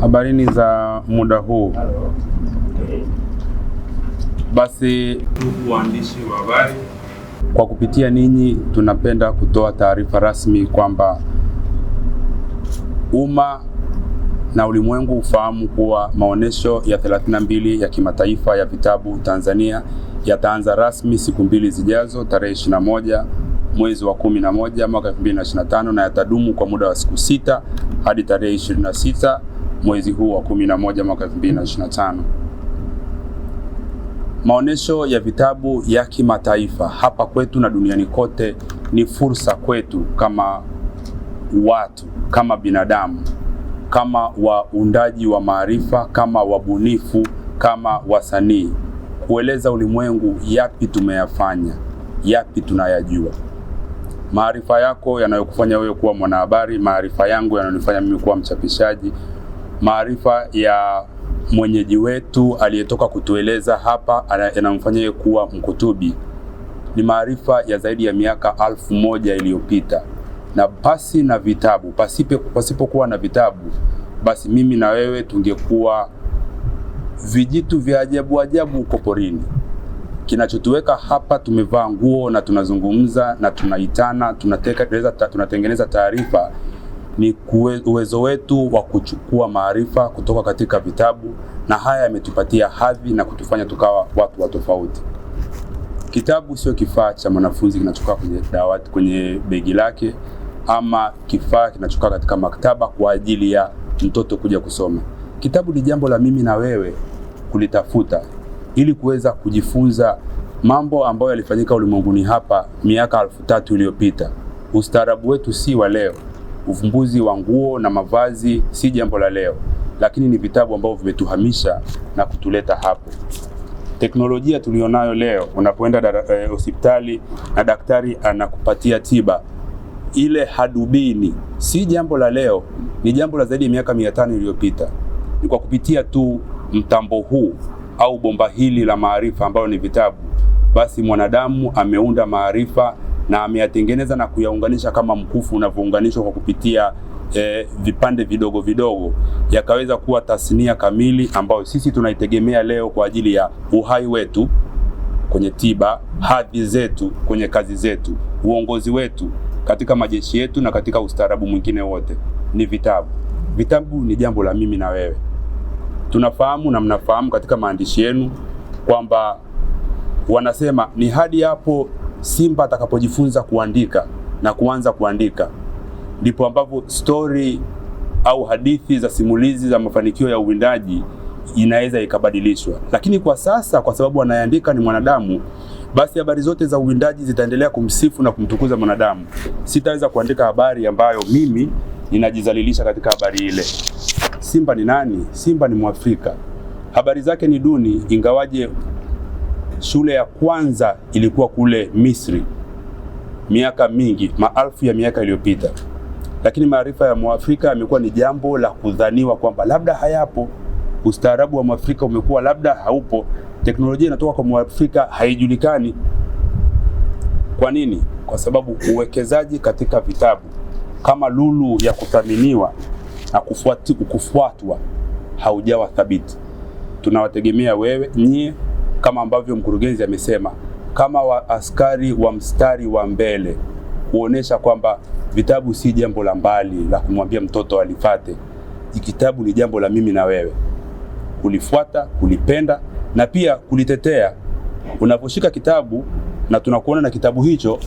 Habarini za muda huu. Basi ndugu waandishi wa habari, kwa kupitia ninyi tunapenda kutoa taarifa rasmi kwamba umma na ulimwengu ufahamu kuwa maonesho ya 32 ya kimataifa ya vitabu Tanzania yataanza rasmi siku mbili zijazo, tarehe 21 mwezi wa 11 mwaka 2025 na yatadumu kwa muda wa siku sita hadi tarehe 26 mwezi huu wa 11 mwaka 2025. Maonesho ya vitabu ya kimataifa hapa kwetu na duniani kote ni fursa kwetu kama watu, kama binadamu, kama waundaji wa maarifa, kama wabunifu, kama wasanii, kueleza ulimwengu yapi tumeyafanya, yapi tunayajua. Maarifa yako yanayokufanya wewe kuwa mwanahabari, maarifa yangu yanayonifanya mimi kuwa mchapishaji, maarifa ya mwenyeji wetu aliyetoka kutueleza hapa yanamfanya kuwa mkutubi ni maarifa ya zaidi ya miaka alfu moja iliyopita, na pasi na vitabu pasipe, pasipokuwa na vitabu, basi mimi na wewe tungekuwa vijitu vya ajabu ajabu huko porini. Kinachotuweka hapa, tumevaa nguo na tunazungumza na tunaitana, tunatengeneza taarifa ni uwezo wetu wa kuchukua maarifa kutoka katika vitabu, na haya yametupatia hadhi na kutufanya tukawa watu wa tofauti. Kitabu sio kifaa cha mwanafunzi kinachokaa kwenye dawati, kwenye begi lake ama kifaa kinachokaa katika maktaba kwa ajili ya mtoto kuja kusoma. Kitabu ni jambo la mimi na wewe kulitafuta ili kuweza kujifunza mambo ambayo yalifanyika ulimwenguni hapa miaka alfu tatu iliyopita. Ustaarabu wetu si wa leo. Uvumbuzi wa nguo na mavazi si jambo la leo, lakini ni vitabu ambavyo vimetuhamisha na kutuleta hapo. Teknolojia tulionayo leo, unapoenda eh, hospitali na daktari anakupatia tiba, ile hadubini si jambo la leo, ni jambo la zaidi ya miaka mia tano iliyopita. Ni kwa kupitia tu mtambo huu au bomba hili la maarifa ambayo ni vitabu, basi mwanadamu ameunda maarifa na ameyatengeneza na kuyaunganisha kama mkufu unavyounganishwa kwa kupitia E, vipande vidogo vidogo yakaweza kuwa tasnia kamili ambayo sisi tunaitegemea leo kwa ajili ya uhai wetu kwenye tiba, hadhi zetu kwenye kazi zetu, uongozi wetu katika majeshi yetu na katika ustaarabu mwingine wote. Ni vitabu. Vitabu ni jambo la mimi na wewe. Tunafahamu na mnafahamu katika maandishi yenu kwamba wanasema ni hadi hapo Simba atakapojifunza kuandika na kuanza kuandika, ndipo ambapo stori au hadithi za simulizi za mafanikio ya uwindaji inaweza ikabadilishwa. Lakini kwa sasa, kwa sababu anayeandika ni mwanadamu, basi habari zote za uwindaji zitaendelea kumsifu na kumtukuza mwanadamu. Sitaweza kuandika habari ambayo mimi ninajizalilisha katika habari ile. Simba ni nani? Simba ni Mwafrika. Habari zake ni duni, ingawaje Shule ya kwanza ilikuwa kule Misri miaka mingi, maelfu ya miaka iliyopita, lakini maarifa ya Mwafrika yamekuwa ni jambo la kudhaniwa kwamba labda hayapo. Ustaarabu wa Mwafrika umekuwa labda haupo, teknolojia inatoka kwa Mwafrika haijulikani. Kwa nini? Kwa sababu uwekezaji katika vitabu kama lulu ya kuthaminiwa na kufuatwa haujawa thabiti. Tunawategemea wewe nyie kama ambavyo mkurugenzi amesema, kama wa askari wa mstari wa mbele kuonesha kwamba vitabu si jambo la mbali la kumwambia mtoto alifate. Kitabu ni jambo la mimi na wewe kulifuata, kulipenda na pia kulitetea. Unaposhika kitabu na tunakuona na kitabu hicho,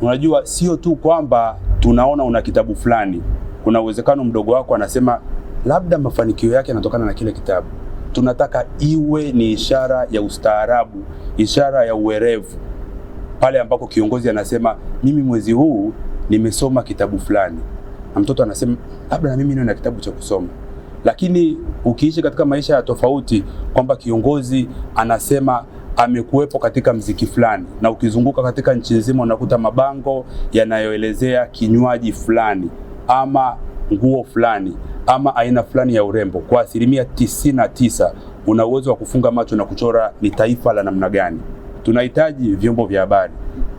unajua sio tu kwamba tunaona una kitabu fulani. Kuna uwezekano mdogo wako anasema labda mafanikio yake yanatokana na kile kitabu tunataka iwe ni ishara ya ustaarabu, ishara ya uwerevu, pale ambako kiongozi anasema mimi mwezi huu nimesoma kitabu fulani, na mtoto anasema labda na mimi niwe na kitabu cha kusoma. Lakini ukiishi katika maisha ya tofauti, kwamba kiongozi anasema amekuwepo katika mziki fulani, na ukizunguka katika nchi nzima unakuta mabango yanayoelezea kinywaji fulani ama nguo fulani ama aina fulani ya urembo, kwa asilimia tisini na tisa una uwezo wa kufunga macho na kuchora ni taifa la namna gani. Tunahitaji vyombo vya habari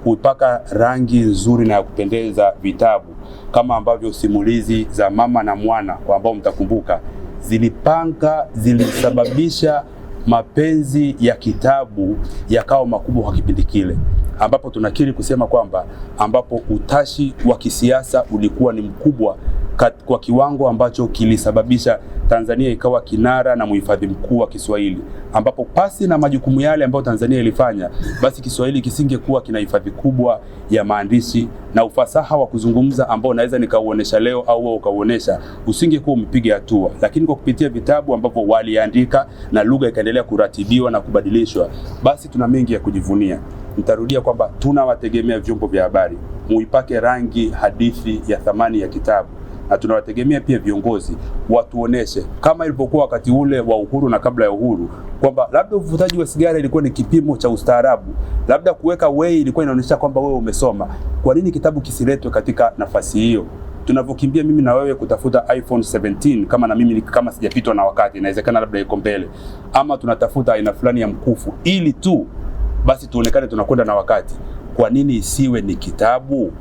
kupaka rangi nzuri na ya kupendeza vitabu kama ambavyo simulizi za Mama na Mwana kwa ambao mtakumbuka zilipanga zilisababisha mapenzi ya kitabu yakawa makubwa kwa kipindi kile, ambapo tunakiri kusema kwamba ambapo utashi wa kisiasa ulikuwa ni mkubwa kwa kiwango ambacho kilisababisha Tanzania ikawa kinara na mhifadhi mkuu wa Kiswahili, ambapo pasi na majukumu yale ambayo Tanzania ilifanya, basi Kiswahili kisingekuwa kina hifadhi kubwa ya maandishi na ufasaha wa kuzungumza ambao naweza nikauonesha leo au wewe ukauonesha, usingekuwa umepiga hatua. Lakini kwa kupitia vitabu ambavyo waliandika na lugha ikaendelea kuratibiwa na kubadilishwa, basi tuna mengi ya kujivunia. Nitarudia kwamba tunawategemea vyombo vya habari, muipake rangi hadithi ya thamani ya kitabu na tunawategemea pia viongozi watuoneshe kama ilivyokuwa wakati ule wa uhuru na kabla ya uhuru kwamba labda uvutaji wa sigara ilikuwa ni kipimo cha ustaarabu, labda kuweka wei ilikuwa inaonyesha kwamba wewe umesoma. Kwa nini kitabu kisiletwe katika nafasi hiyo? tunavyokimbia mimi na wewe kutafuta iPhone 17 kama na mimi kama sijapitwa na wakati, inawezekana labda iko mbele, ama tunatafuta aina fulani ya mkufu ili tu basi tuonekane tunakwenda na wakati. Kwa nini isiwe ni kitabu?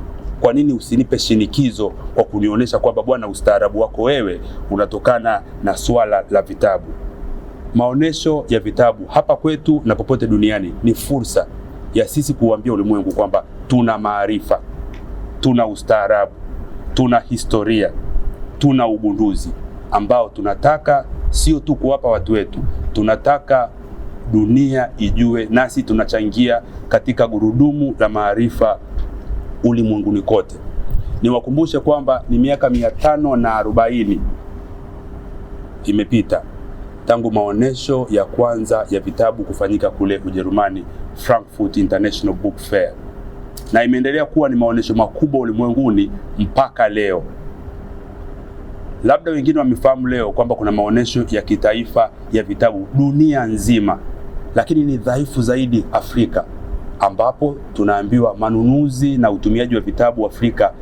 kwa nini usinipe shinikizo kwa kunionyesha kwamba bwana, ustaarabu wako wewe unatokana na swala la vitabu. Maonesho ya vitabu hapa kwetu na popote duniani ni fursa ya sisi kuambia ulimwengu kwamba tuna maarifa, tuna ustaarabu, tuna historia, tuna ugunduzi ambao tunataka sio tu kuwapa watu wetu, tunataka dunia ijue, nasi tunachangia katika gurudumu la maarifa ulimwenguni kote. Niwakumbushe kwamba ni miaka mia tano na arobaini imepita tangu maonesho ya kwanza ya vitabu kufanyika kule Ujerumani, Frankfurt International Book Fair, na imeendelea kuwa ni maonesho makubwa ulimwenguni mpaka leo. Labda wengine wamefahamu leo kwamba kuna maonesho ya kitaifa ya vitabu dunia nzima, lakini ni dhaifu zaidi Afrika ambapo tunaambiwa manunuzi na utumiaji wa vitabu Afrika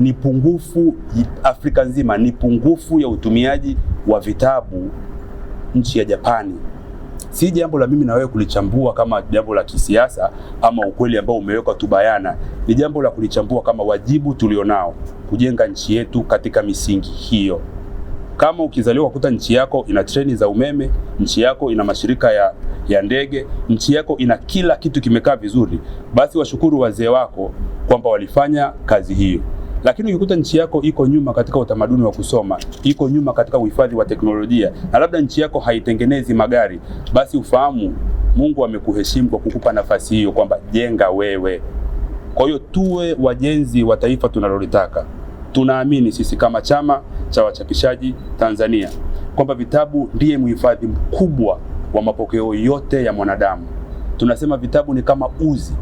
ni pungufu, Afrika nzima ni pungufu ya utumiaji wa vitabu nchi ya Japani. Si jambo la mimi na wewe kulichambua kama jambo la kisiasa ama ukweli ambao umewekwa tu bayana, ni jambo la kulichambua kama wajibu tulionao kujenga nchi yetu katika misingi hiyo. Kama ukizaliwa kuta nchi yako ina treni za umeme, nchi yako ina mashirika ya, ya ndege, nchi yako ina kila kitu kimekaa vizuri, basi washukuru wazee wako kwamba walifanya kazi hiyo. Lakini ukikuta nchi yako iko nyuma katika utamaduni wa kusoma, iko nyuma katika uhifadhi wa teknolojia, na labda nchi yako haitengenezi magari, basi ufahamu Mungu amekuheshimu kwa kukupa nafasi hiyo, kwamba jenga wewe. Kwa hiyo tuwe wajenzi wa taifa tunalolitaka. Tunaamini sisi kama Chama cha Wachapishaji Tanzania kwamba vitabu ndiye mhifadhi mkubwa wa mapokeo yote ya mwanadamu. Tunasema vitabu ni kama uzi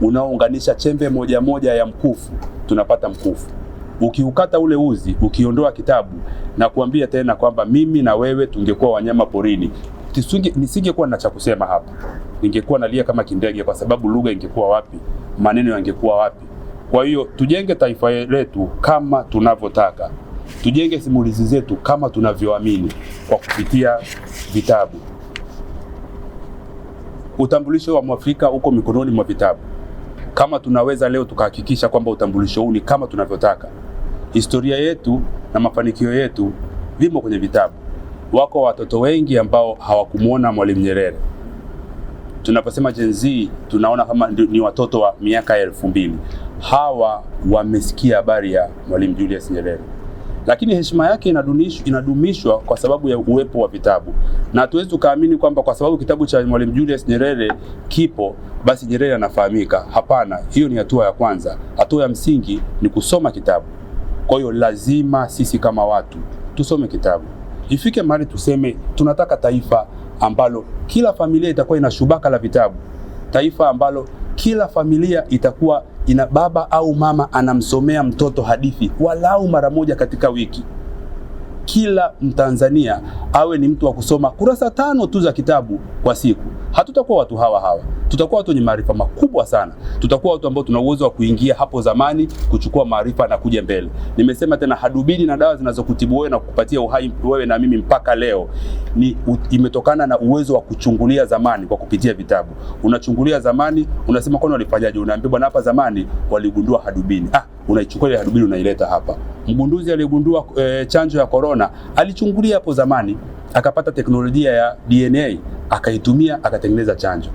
unaounganisha chembe moja moja ya mkufu, tunapata mkufu. Ukiukata ule uzi, ukiondoa kitabu, na kuambia tena kwamba mimi na wewe tungekuwa wanyama porini, nisingekuwa na cha kusema hapa, ningekuwa nalia kama kindege, kwa sababu lugha ingekuwa wapi? Maneno yangekuwa wapi? Kwa hiyo tujenge taifa letu kama tunavyotaka, tujenge simulizi zetu kama tunavyoamini kwa kupitia vitabu. Utambulisho wa Mwafrika uko mikononi mwa vitabu. Kama tunaweza leo tukahakikisha kwamba utambulisho huu ni kama tunavyotaka, historia yetu na mafanikio yetu vimo kwenye vitabu. Wako watoto wengi ambao hawakumwona Mwalimu Nyerere. Tunaposema Gen Z tunaona kama ni watoto wa miaka elfu mbili hawa wamesikia habari ya Mwalimu Julius Nyerere, lakini heshima yake inadumishwa, kwa sababu ya uwepo wa vitabu, na hatuwezi tukaamini kwamba kwa sababu kitabu cha Mwalimu Julius Nyerere kipo basi Nyerere anafahamika. Hapana, hiyo ni hatua ya kwanza. Hatua ya msingi ni kusoma kitabu. Kwa hiyo lazima sisi kama watu tusome kitabu, ifike mahali tuseme tunataka taifa ambalo kila familia itakuwa ina shubaka la vitabu, taifa ambalo kila familia itakuwa ina baba au mama anamsomea mtoto hadithi walau mara moja katika wiki kila Mtanzania awe ni mtu wa kusoma kurasa tano tu za kitabu kwa siku, hatutakuwa watu hawa hawa. Tutakuwa watu wenye maarifa makubwa sana, tutakuwa watu ambao tuna uwezo wa kuingia hapo zamani, kuchukua maarifa na kuja mbele. Nimesema tena, hadubini na dawa zinazokutibu wewe na kukupatia uhai wewe na mimi mpaka leo ni imetokana na uwezo wa kuchungulia zamani kwa kupitia vitabu. Unachungulia zamani, unasema kwani walifanyaje? Unaambiwa bwana, hapa zamani waligundua hadubini. Ah, unaichukua ile hadubini unaileta hapa. Mgunduzi aliyegundua e, eh, chanjo ya korona alichungulia hapo zamani, akapata teknolojia ya DNA akaitumia, akatengeneza chanjo.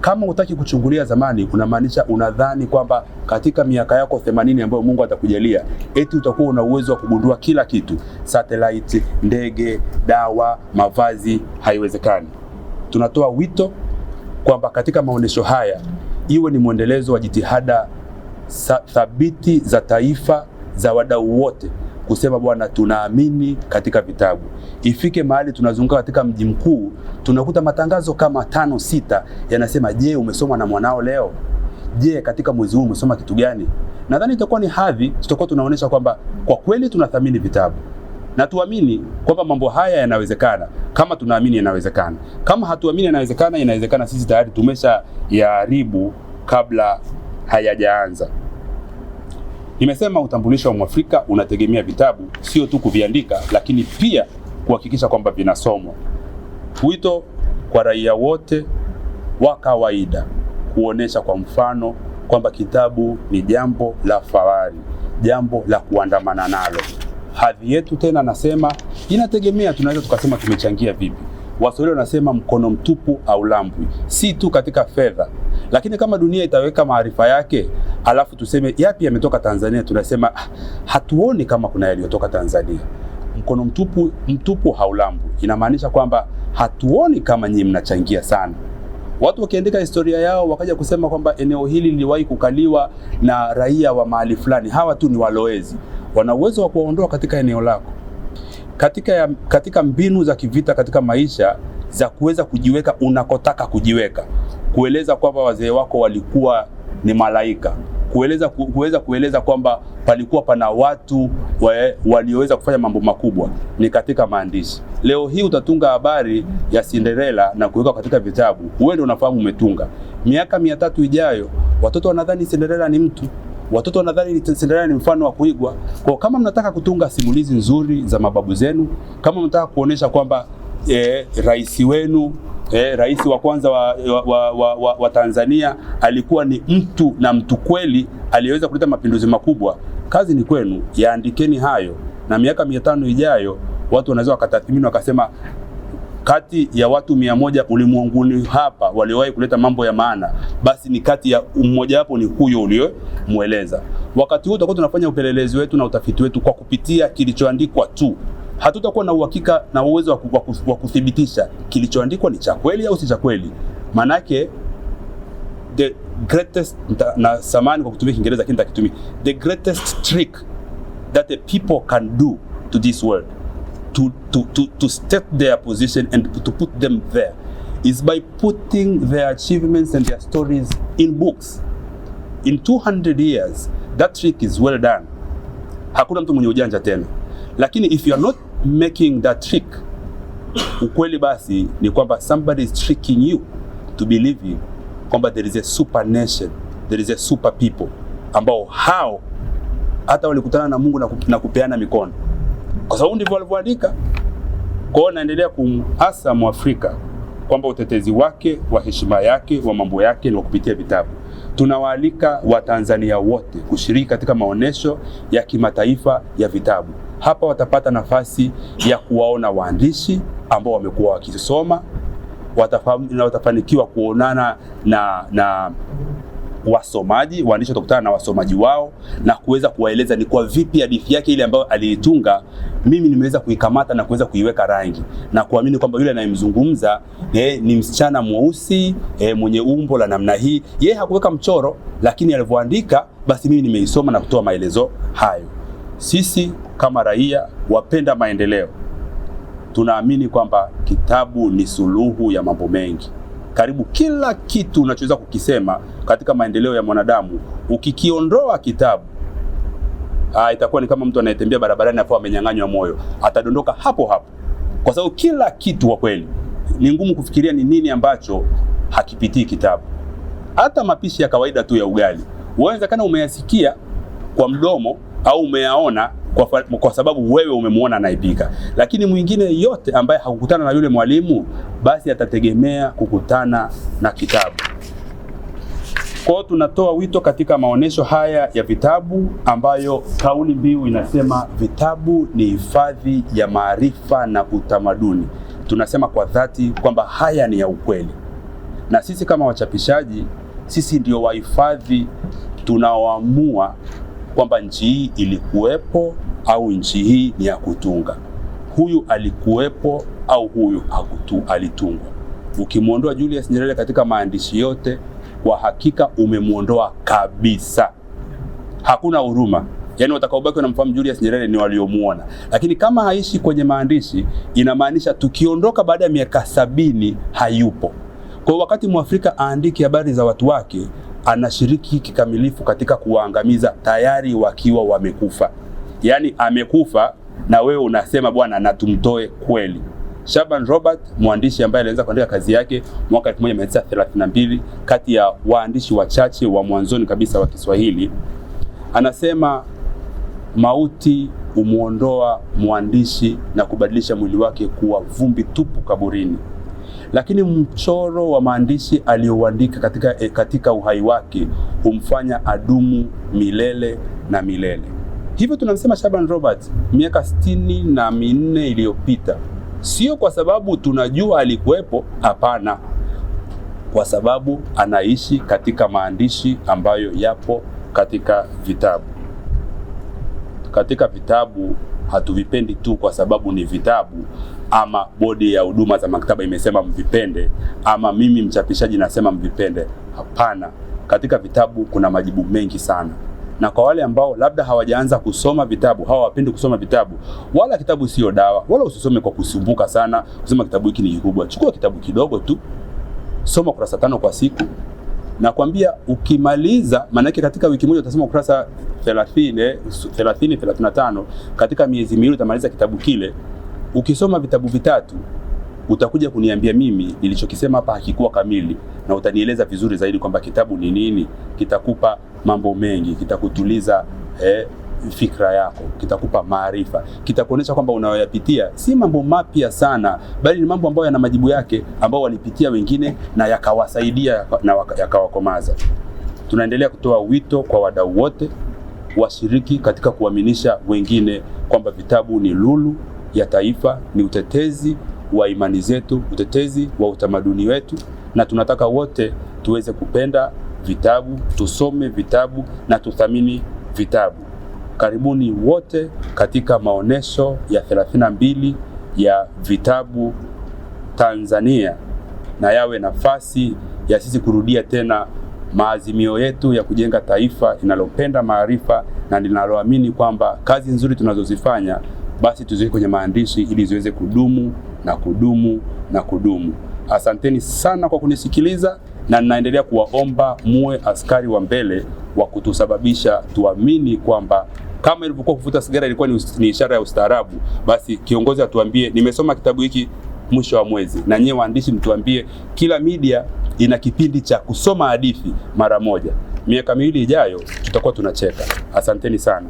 Kama utaki kuchungulia zamani, unamaanisha unadhani kwamba katika miaka yako 80 ambayo Mungu atakujalia eti utakuwa una uwezo wa kugundua kila kitu, satellite, ndege, dawa, mavazi, haiwezekani. Tunatoa wito kwamba katika maonesho haya iwe ni mwendelezo wa jitihada thabiti za taifa za wadau wote kusema bwana, tunaamini katika vitabu. Ifike mahali tunazunguka katika mji mkuu tunakuta matangazo kama tano sita yanasema, je, umesoma na mwanao leo? Je, katika mwezi huu umesoma kitu gani? Nadhani itakuwa ni hadhi, tutakuwa tunaonyesha kwamba kwa kweli tunathamini vitabu na tuamini kwamba mambo haya yanawezekana. Kama tunaamini yanawezekana, kama hatuamini yanawezekana, inawezekana sisi tayari tumesha yaharibu kabla hayajaanza. Nimesema utambulisho wa Mwafrika unategemea vitabu, sio tu kuviandika, lakini pia kuhakikisha kwamba vinasomwa. Wito kwa raia wote wa kawaida kuonesha kwa mfano kwamba kitabu ni jambo la fahari, jambo la kuandamana nalo. Hadhi yetu tena, nasema inategemea, tunaweza tukasema tumechangia vipi. Waswahili wanasema mkono mtupu au lambwi, si tu katika fedha lakini kama dunia itaweka maarifa yake, alafu tuseme yapi yametoka Tanzania, tunasema ah, hatuoni kama kuna yaliyotoka Tanzania. Mkono mtupu, mtupu haulambwi. Inamaanisha kwamba hatuoni kama nyinyi mnachangia sana. Watu wakiandika historia yao wakaja kusema kwamba eneo hili liliwahi kukaliwa na raia wa mahali fulani, hawa tu ni walowezi. Wana uwezo wa kuwaondoa katika eneo lako, katika, katika mbinu za kivita, katika maisha za kuweza kujiweka unakotaka kujiweka kueleza kwamba wazee wako walikuwa ni malaika, kueleza kuweza kueleza kwamba palikuwa pana watu walioweza kufanya mambo makubwa ni katika maandishi. Leo hii utatunga habari ya Cinderella na kuweka katika vitabu, wewe ndio unafahamu umetunga. Miaka mia tatu ijayo watoto wanadhani Cinderella ni mtu watoto wanadhani Cinderella ni mfano wa kuigwa. Kwa kama mnataka kutunga simulizi nzuri za mababu zenu, kama mnataka kuonesha kwamba eh, rais wenu eh, rais wa kwanza wa, wa, wa, wa, wa Tanzania alikuwa ni mtu na mtu kweli aliyeweza kuleta mapinduzi makubwa. Kazi ni kwenu, yaandikeni hayo, na miaka mia ijayo watu wanaweza wakatathmini wakasema kati ya watu mia moja ulimwenguni hapa waliowahi kuleta mambo ya maana, basi ni kati ya mmoja wapo ni huyo uliyomweleza. Wakati huo tutakuwa tunafanya upelelezi wetu na utafiti wetu kwa kupitia kilichoandikwa tu hatutakuwa na uhakika na uwezo wa kuthibitisha kilichoandikwa ni cha kweli au si cha kweli. Maanake the greatest, na samani kwa kutumia Kiingereza lakini nitakitumia, the greatest trick that the people can do to this world to, to, to, to state their position and to put them there is by putting their achievements and their stories in books. In 200 years that trick is well done. Hakuna mtu mwenye ujanja tena, lakini if you are not making that trick. Ukweli basi ni kwamba somebody is tricking you to believe kwamba there is a super nation, there is a super people ambao hao hata walikutana na Mungu na kupeana mikono, kwa sababu ndivyo walivyoandika. Kwa hiyo naendelea kumhasa Mwafrika kwamba utetezi wake wa heshima yake wa mambo yake ni kupitia vitabu. Tunawaalika Watanzania wote kushiriki katika maonesho ya kimataifa ya vitabu. Hapa watapata nafasi ya kuwaona waandishi ambao wamekuwa wakisoma na watafanikiwa kuonana na, na wasomaji waandishi watakutana na wasomaji wao na kuweza kuwaeleza ni kwa vipi hadithi yake ile ambayo aliitunga mimi nimeweza kuikamata na kuweza kuiweka rangi na kuamini kwamba yule anayemzungumza eh, ni msichana mweusi eh, mwenye umbo la namna hii. Yeye hakuweka mchoro, lakini alivyoandika basi mimi nimeisoma na kutoa maelezo hayo. Sisi kama raia wapenda maendeleo tunaamini kwamba kitabu ni suluhu ya mambo mengi. Karibu kila kitu unachoweza kukisema katika maendeleo ya mwanadamu, ukikiondoa kitabu, ah, itakuwa ni kama mtu anayetembea barabarani afa amenyang'anywa moyo, atadondoka hapo hapo, kwa sababu kila kitu kwa kweli ni ngumu kufikiria ni nini ambacho hakipitii kitabu. Hata mapishi ya kawaida tu ya ugali, wawezekana umeyasikia kwa mdomo au umeyaona kwa, kwa sababu wewe umemwona anaipiga. Lakini mwingine yote ambaye hakukutana na yule mwalimu, basi atategemea kukutana na kitabu. Kwao tunatoa wito katika maonesho haya ya vitabu ambayo kauli mbiu inasema vitabu ni hifadhi ya maarifa na utamaduni. Tunasema kwa dhati kwamba haya ni ya ukweli, na sisi kama wachapishaji, sisi ndio wahifadhi tunaoamua kwamba nchi hii ilikuwepo au nchi hii ni ya kutunga, huyu alikuwepo au huyu hakutu, alitungwa. Ukimwondoa Julius Nyerere katika maandishi yote, kwa hakika umemwondoa kabisa, hakuna huruma. Yaani watakaobaki wanamfahamu Julius Nyerere ni waliomuona, lakini kama haishi kwenye maandishi, inamaanisha tukiondoka baada ya miaka sabini hayupo. Kwa wakati Mwafrika aandike habari za watu wake anashiriki kikamilifu katika kuwaangamiza tayari wakiwa wamekufa. Yaani amekufa na wewe unasema bwana, na tumtoe kweli. Shaban Robert, mwandishi ambaye alianza kuandika kazi yake mwaka 1932 kati ya waandishi wachache wa mwanzoni kabisa wa Kiswahili, anasema mauti humwondoa mwandishi na kubadilisha mwili wake kuwa vumbi tupu kaburini lakini mchoro wa maandishi aliyouandika katika, eh, katika uhai wake humfanya adumu milele na milele. Hivyo tunamsema Shaban Robert miaka sitini na minne iliyopita, sio kwa sababu tunajua alikuwepo, hapana, kwa sababu anaishi katika maandishi ambayo yapo katika vitabu. Katika vitabu hatuvipendi tu kwa sababu ni vitabu, ama bodi ya huduma za maktaba imesema mvipende, ama mimi mchapishaji nasema mvipende. Hapana, katika vitabu kuna majibu mengi sana, na kwa wale ambao labda hawajaanza kusoma vitabu, hawapendi kusoma vitabu, wala kitabu sio dawa, wala usisome kwa kusumbuka sana kusema kitabu hiki ni kikubwa. Chukua kitabu kidogo tu, soma kurasa tano kwa siku. Nakwambia ukimaliza, maanake katika wiki moja utasoma ukurasa 30 30 35. Katika miezi miwili utamaliza kitabu kile. Ukisoma vitabu vitatu utakuja kuniambia mimi nilichokisema hapa hakikuwa kamili, na utanieleza vizuri zaidi kwamba kitabu ni nini. Kitakupa mambo mengi, kitakutuliza eh, fikra yako, kitakupa maarifa, kitakuonyesha kwamba unayoyapitia si mambo mapya sana, bali ni mambo ambayo yana majibu yake, ambao walipitia wengine na yakawasaidia na yakawakomaza. Tunaendelea kutoa wito kwa wadau wote washiriki katika kuaminisha wengine kwamba vitabu ni lulu ya taifa, ni utetezi wa imani zetu, utetezi wa utamaduni wetu, na tunataka wote tuweze kupenda vitabu, tusome vitabu na tuthamini vitabu. Karibuni wote katika maonesho ya 32 ya vitabu Tanzania, na yawe nafasi ya sisi kurudia tena maazimio yetu ya kujenga taifa linalopenda maarifa na linaloamini kwamba kazi nzuri tunazozifanya basi tuziweke kwenye maandishi ili ziweze kudumu na kudumu na kudumu. Asanteni sana kwa kunisikiliza, na ninaendelea kuwaomba muwe askari wa mbele wa kutusababisha tuamini kwamba kama ilivyokuwa kuvuta sigara ilikuwa ni ishara ya ustaarabu, basi kiongozi atuambie nimesoma kitabu hiki mwisho wa mwezi, na nyewe waandishi mtuambie. Kila media ina kipindi cha kusoma hadithi mara moja. Miaka miwili ijayo tutakuwa tunacheka. Asanteni sana.